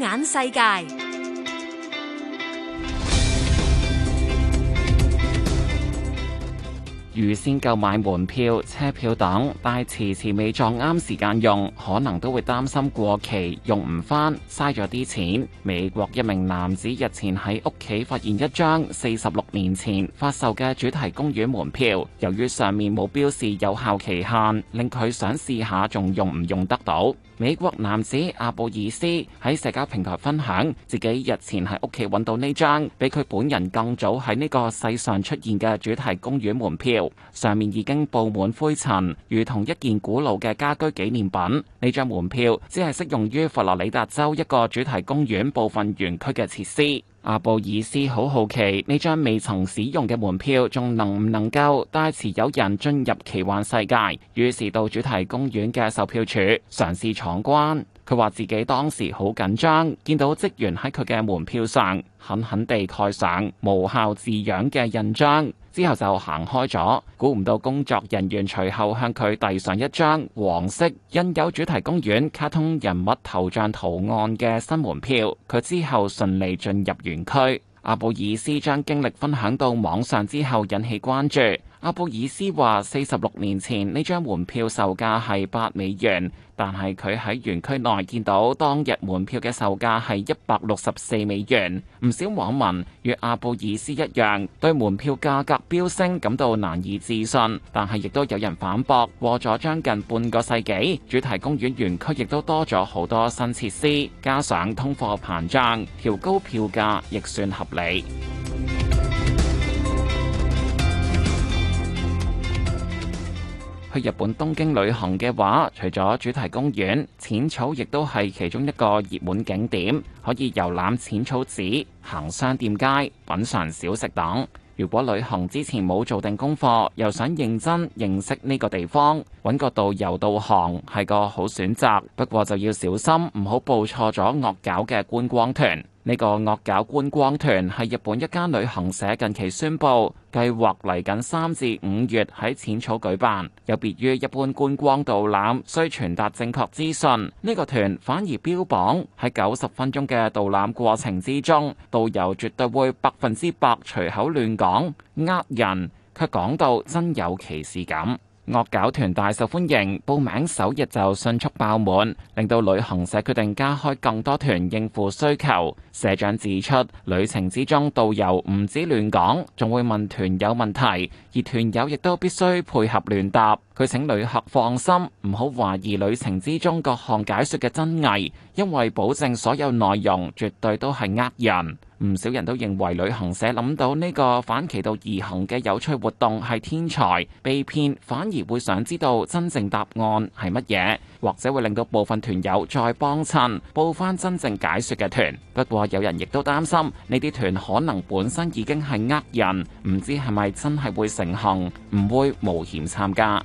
眼世界。預先購買門票、車票等，但係遲遲未撞啱時間用，可能都會擔心過期用唔返，嘥咗啲錢。美國一名男子日前喺屋企發現一張四十六年前發售嘅主題公園門票，由於上面冇標示有效期限，令佢想試下仲用唔用得到。美國男子阿布爾斯喺社交平台分享自己日前喺屋企揾到呢張，比佢本人更早喺呢個世上出現嘅主題公園門票。上面已經布滿灰塵，如同一件古老嘅家居紀念品。呢張門票只係適用於佛羅里達州一個主題公園部分園區嘅設施。阿布爾斯好好奇，呢張未曾使用嘅門票仲能唔能夠帶持有人進入奇幻世界，於是到主題公園嘅售票處嘗試闖關。佢話自己當時好緊張，見到職員喺佢嘅門票上狠狠地蓋上無效字樣嘅印章，之後就行開咗。估唔到工作人員隨後向佢遞上一張黃色印有主題公園卡通人物頭像圖案嘅新門票，佢之後順利進入園區。阿布爾斯將經歷分享到網上之後引起關注。阿布爾斯話：四十六年前呢張門票售價係八美元，但係佢喺園區內見到當日門票嘅售價係一百六十四美元。唔少網民與阿布爾斯一樣，對門票價格飆升感到難以置信。但係亦都有人反駁，過咗將近半個世紀，主題公園園區亦都多咗好多新設施，加上通貨膨脹，調高票價亦算合理。去日本東京旅行嘅話，除咗主題公園，淺草亦都係其中一個熱門景點，可以遊覽淺草寺、行商店街、品嚐小食等。如果旅行之前冇做定功課，又想認真認識呢個地方，揾個導遊導航係個好選擇。不過就要小心，唔好報錯咗惡搞嘅觀光團。呢個惡搞觀光團係日本一家旅行社近期宣布，計劃嚟緊三至五月喺淺草舉辦。有別於一般觀光導覽，需傳達正確資訊，呢、這個團反而標榜喺九十分鐘嘅導覽過程之中，導遊絕對會百分之百隨口亂講，呃人，卻講到真有歧視感。惡搞團大受歡迎，報名首日就迅速爆滿，令到旅行社決定加開更多團應付需求。社長指出，旅程之中導遊唔止亂講，仲會問團友問題，而團友亦都必須配合亂答。佢請旅客放心，唔好懷疑旅程之中各項解說嘅真偽，因為保證所有內容絕對都係呃人。唔少人都認為旅行社諗到呢個反其道而行嘅有趣活動係天才，被騙反而會想知道真正答案係乜嘢，或者會令到部分團友再幫襯報返真正解說嘅團。不過有人亦都擔心，呢啲團可能本身已經係呃人，唔知係咪真係會成行，唔會冒險參加。